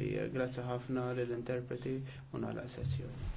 Eh, grazzi ħafna lill interpreti u nagħlaq sessjoni.